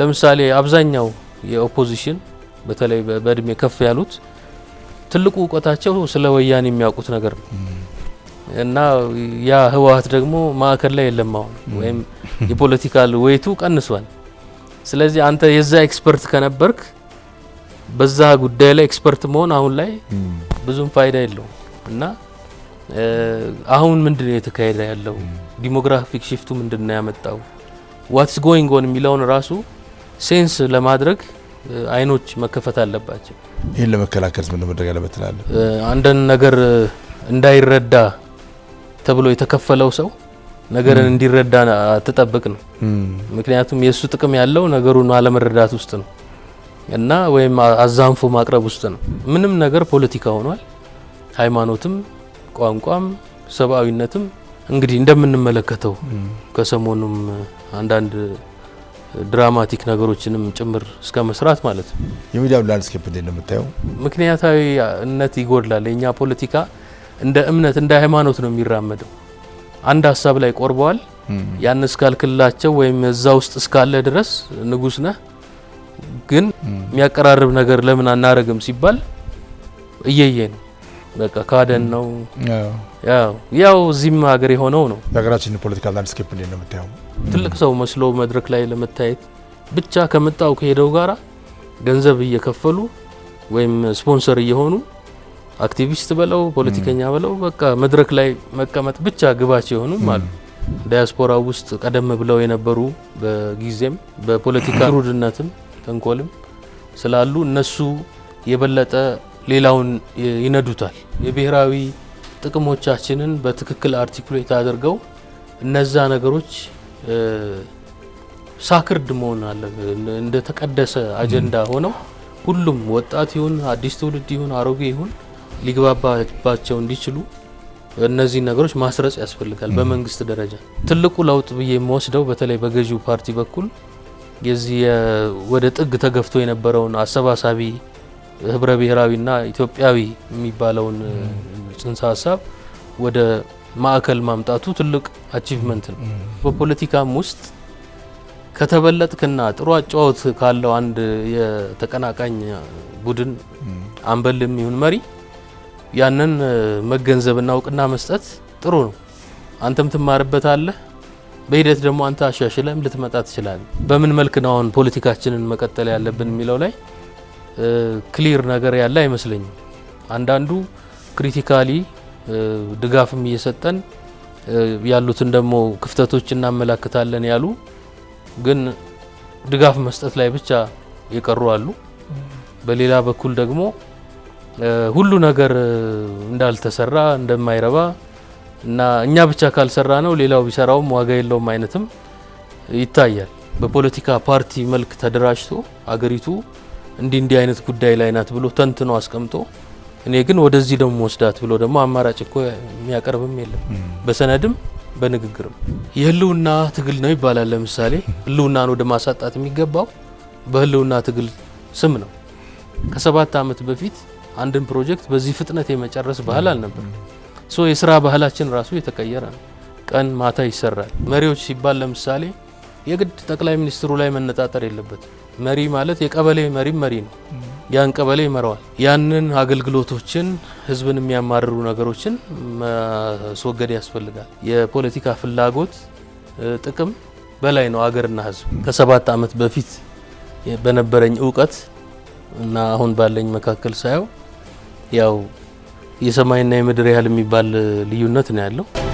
ለምሳሌ አብዛኛው የኦፖዚሽን በተለይ በእድሜ ከፍ ያሉት ትልቁ እውቀታቸው ስለ ወያኔ የሚያውቁት ነገር ነው እና ያ ህወሀት ደግሞ ማዕከል ላይ የለም አሁን ወይም የፖለቲካል ወይቱ ቀንሷል። ስለዚህ አንተ የዛ ኤክስፐርት ከነበርክ በዛ ጉዳይ ላይ ኤክስፐርት መሆን አሁን ላይ ብዙም ፋይዳ የለውም እና አሁን ምንድን ነው የተካሄደ ያለው ዲሞግራፊክ ሽፍቱ ምንድን ነው ያመጣው ዋትስ ጎይንግ ኦን የሚለውን ራሱ ሴንስ ለማድረግ አይኖች መከፈት አለባቸው። ይህን ለመከላከል ምን መደረግ አለበት ትላለህ? አንድን ነገር እንዳይረዳ ተብሎ የተከፈለው ሰው ነገርን እንዲረዳ አትጠብቅ ነው። ምክንያቱም የእሱ ጥቅም ያለው ነገሩን አለመረዳት ውስጥ ነው እና ወይም አዛንፎ ማቅረብ ውስጥ ነው። ምንም ነገር ፖለቲካ ሆኗል። ሃይማኖትም፣ ቋንቋም፣ ሰብአዊነትም እንግዲህ እንደምንመለከተው ከሰሞኑም አንዳንድ ድራማቲክ ነገሮችንም ጭምር እስከ መስራት ማለት ነው። የሚዲያው ላንድስኬፕ እንዴት ነው የምታየው? ምክንያታዊነት ይጎድላል። የእኛ ፖለቲካ እንደ እምነት እንደ ሃይማኖት ነው የሚራመደው። አንድ ሀሳብ ላይ ቆርበዋል። ያን እስካልክላቸው ወይም እዛ ውስጥ እስካለ ድረስ ንጉስ ነህ። ግን የሚያቀራርብ ነገር ለምን አናረግም ሲባል እየየ ነው በቃ ካደን ነው ያው ያው እዚህም ሀገር የሆነው ነው። የሀገራችን ፖለቲካ ላንድስኬፕ እንዴት ነው የምታየው? ትልቅ ሰው መስሎ መድረክ ላይ ለመታየት ብቻ ከመጣው ከሄደው ጋራ ገንዘብ እየከፈሉ ወይም ስፖንሰር እየሆኑ አክቲቪስት በለው ፖለቲከኛ በለው በቃ መድረክ ላይ መቀመጥ ብቻ ግባቸው የሆኑም አሉ። ዳያስፖራ ውስጥ ቀደም ብለው የነበሩ በጊዜም በፖለቲካ ሩድነትም ተንኮልም ስላሉ እነሱ የበለጠ ሌላውን ይነዱታል። የብሔራዊ ጥቅሞቻችንን በትክክል አርቲኩሌት አድርገው እነዛ ነገሮች ሳክርድ መሆን አለ እንደ ተቀደሰ አጀንዳ ሆነው ሁሉም ወጣት ይሁን አዲስ ትውልድ ይሁን አሮጌ ይሁን ሊግባባባቸው እንዲችሉ እነዚህ ነገሮች ማስረጽ ያስፈልጋል። በመንግስት ደረጃ ትልቁ ለውጥ ብዬ የምወስደው በተለይ በገዢው ፓርቲ በኩል የዚህ ወደ ጥግ ተገፍቶ የነበረውን አሰባሳቢ ህብረ ብሔራዊና ኢትዮጵያዊ የሚባለውን ጽንሰ ሀሳብ ወደ ማዕከል ማምጣቱ ትልቅ አቺቭመንት ነው። በፖለቲካም ውስጥ ከተበለጥክና ጥሩ አጫወት ካለው አንድ የተቀናቃኝ ቡድን አንበል የሚሆን መሪ ያንን መገንዘብና እውቅና መስጠት ጥሩ ነው። አንተም ትማርበታለህ። በሂደት ደግሞ አንተ አሻሽለም ልትመጣ ትችላለህ። በምን መልክ ነው አሁን ፖለቲካችንን መቀጠል ያለብን የሚለው ላይ ክሊር ነገር ያለ አይመስለኝም። አንዳንዱ ክሪቲካሊ ድጋፍም እየሰጠን ያሉትን ደግሞ ክፍተቶች እናመላክታለን ያሉ ግን ድጋፍ መስጠት ላይ ብቻ የቀሩ አሉ። በሌላ በኩል ደግሞ ሁሉ ነገር እንዳልተሰራ እንደማይረባ እና እኛ ብቻ ካልሰራ ነው ሌላው ቢሰራውም ዋጋ የለውም አይነትም ይታያል። በፖለቲካ ፓርቲ መልክ ተደራጅቶ አገሪቱ እንዲህ እንዲህ አይነት ጉዳይ ላይ ናት ብሎ ተንትኖ አስቀምጦ እኔ ግን ወደዚህ ደግሞ ወስዳት ብሎ ደግሞ አማራጭ እኮ የሚያቀርብም የለም በሰነድም በንግግርም። የህልውና ትግል ነው ይባላል። ለምሳሌ ህልውናን ወደ ማሳጣት የሚገባው በህልውና ትግል ስም ነው። ከሰባት ዓመት በፊት አንድን ፕሮጀክት በዚህ ፍጥነት የመጨረስ ባህል አልነበር። ሶ የስራ ባህላችን ራሱ የተቀየረ ነው። ቀን ማታ ይሰራል። መሪዎች ሲባል ለምሳሌ የግድ ጠቅላይ ሚኒስትሩ ላይ መነጣጠር የለበት። መሪ ማለት የቀበሌ መሪም መሪ ነው። ያን ቀበሌ ይመራዋል። ያንን አገልግሎቶችን፣ ህዝብን የሚያማርሩ ነገሮችን ማስወገድ ያስፈልጋል። የፖለቲካ ፍላጎት ጥቅም በላይ ነው አገርና ህዝብ። ከሰባት ዓመት በፊት በነበረኝ እውቀት እና አሁን ባለኝ መካከል ሳየው ያው የሰማይና የምድር ያህል የሚባል ልዩነት ነው ያለው።